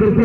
Oh,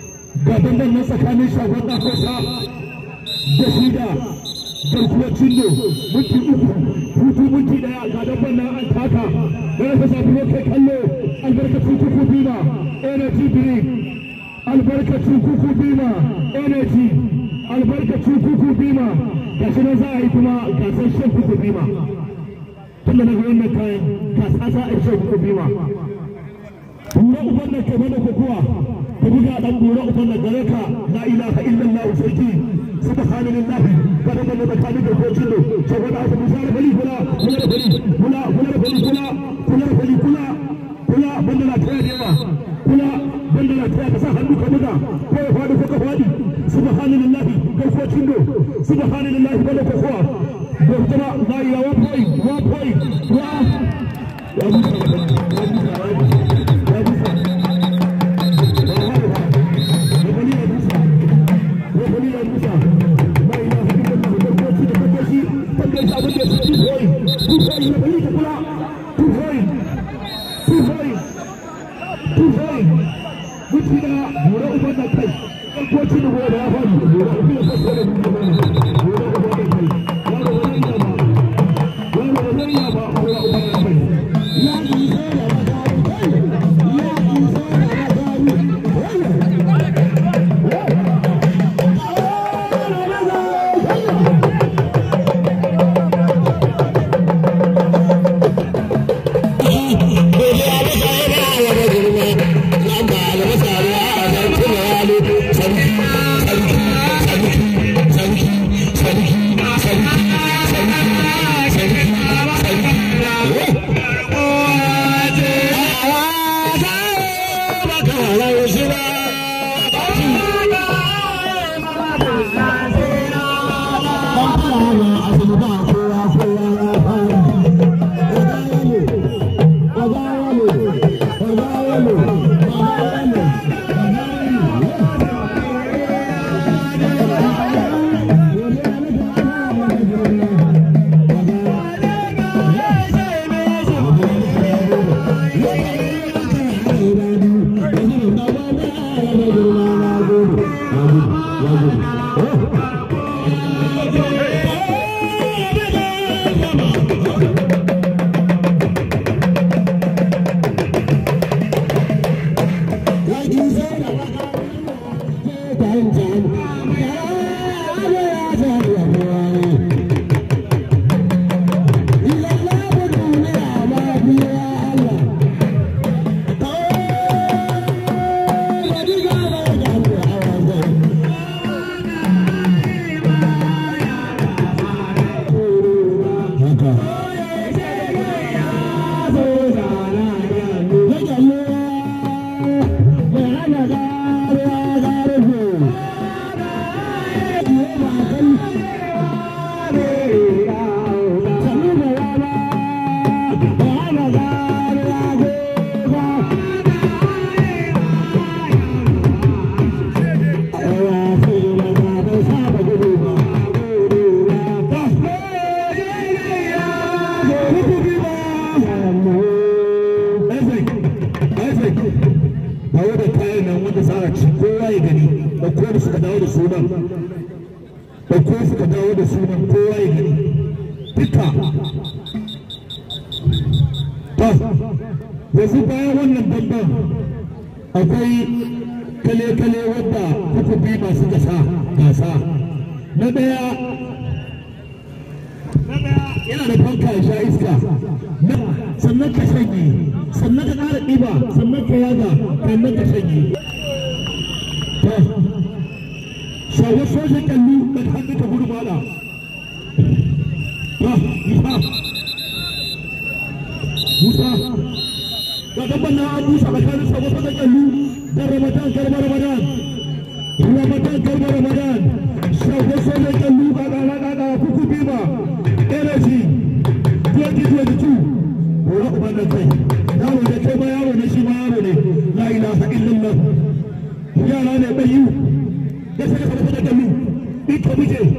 ga dandan nan tsakanin shagon da kosa da shi da garkuwar cindo minti uku hutu minti daya ga dabban na an taka da rasa safi kai kallo albarkacin kuku bima energy drink albarkacin kuku bima energy albarkacin kuku bima ga shi nan za a yi kuma gasar shan kuku bima tun da na ga wannan kayan gasa za a yi shan kuku bima kura uban nan ke mana kokowa ku buga dan kura uban nan gare ka la ilaha illallah sarki subhanallah kada mun da tani da kocin do saboda haka mu fara bali kula kula da bali kula kula da bali kula kula da bali kula kula banda na tayar yawa kula banda na tayar ka sa hannu ka buga ko ya fadi ko ka fadi subhanallah da kocin do subhanallah bala kokowa Doktora, na iya wa point, wa point, wa Oh, yanzu bayan wannan damban akwai kale-kale wadda hukumi masu gasa gasa na daya yana da fanka ya sha iska sannan ka shanye sannan ka ƙara ɗiba sannan ka yaga sannan ka shanye shawar sojan kallu da hannu ka gudu bala Musa, Musa, babban na abu tsakanin sabo ta kallu da ramadan garba ramadan ramadan garba ramadan kallu ne yara ne bayu da kallu ita hamsin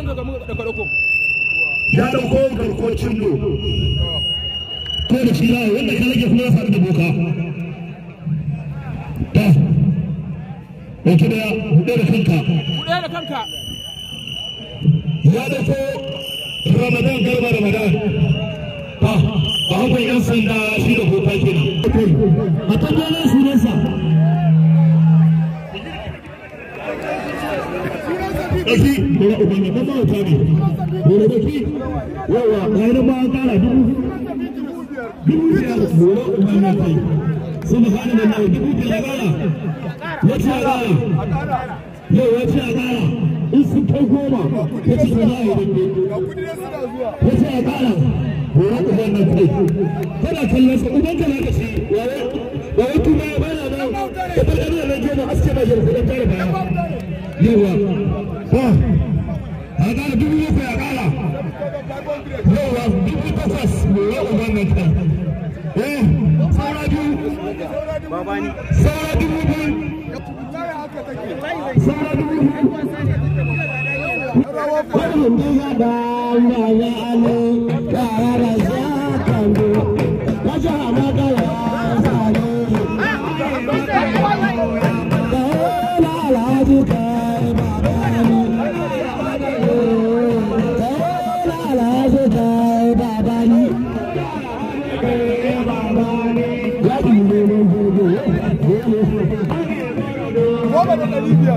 ya dauko ko kuma ya faru da boka ta da kanka ya ramadan garba ramadan ta a hakan yan sanda shi da boka kenan a tabbatar sunansa ɗauki daga ubangijin mawuta ne dole ɗauki yawa bayan ba an ƙara dubu dubu biyar dole ubangijin kai sun hana da nawa dubu biyar ƙara ya ce a ƙara yau ya ce a ƙara in sun kai goma ya ce za a yi dambe ya ce a ƙara dole ubangijin kai kana kallon sa ubangijin na kashi wayo kuma ya bana nan ya bana nan ya goma aske ba shi da kuɗin tare baya yawa ko a ƙara dubu uku ya ƙara yawa dubu Libya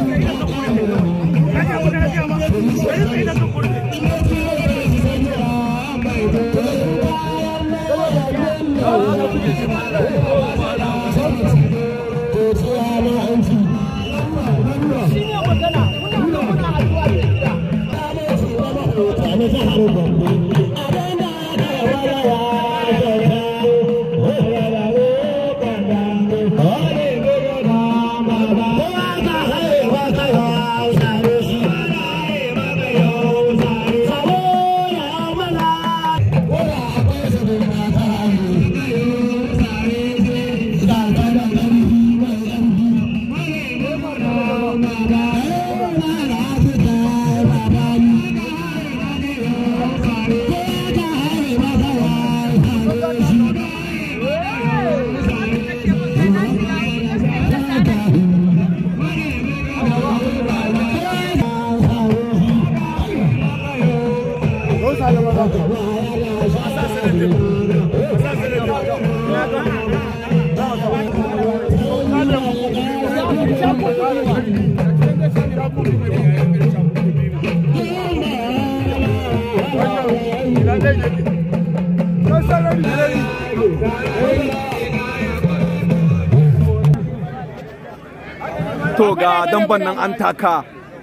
to ga damban nan an taka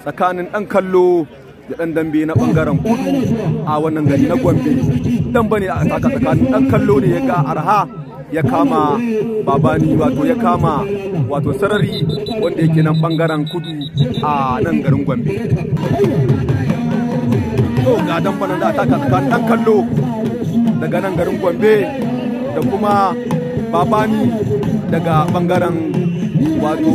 tsakanin ɗan kallo da ɗan dambe na ɓangaren kudu a wannan gari na gombe damba ne a taka tsakanin ɗan kallo ne ya ga arha ya kama babani wato ya kama wato sarari wanda yake nan ɓangaren kudu a nan garin gombe to ga damba nan da taka tsakanin ɗan kallo daga nan garin gombe da kuma babani daga ɓangaren wato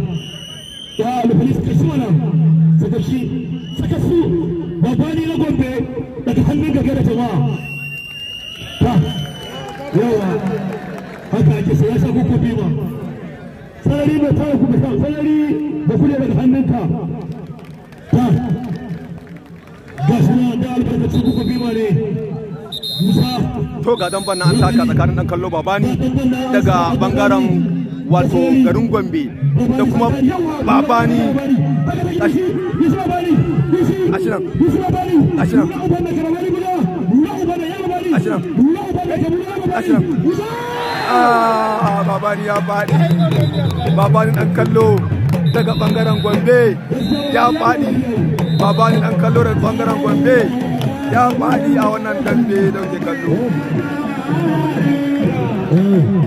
shawali police kashi wannan saka shi saka su babani na gombe daga hannun gaga da jama'a ta yawa haka ake sai ya sha kuku bima sarari mai tara kuma sa sarari da kule daga hannunka ta ga da ne to ga dan banna an tsakanin dan kallo babani daga bangaren wato garin gombe da kuma babani ah, babani ya faɗi babani ɗan kallo daga ɓangaren gombe ya faɗi babani ɗan kallo daga ɓangaren gombe ya faɗi a wannan dambe da ke kallo eh.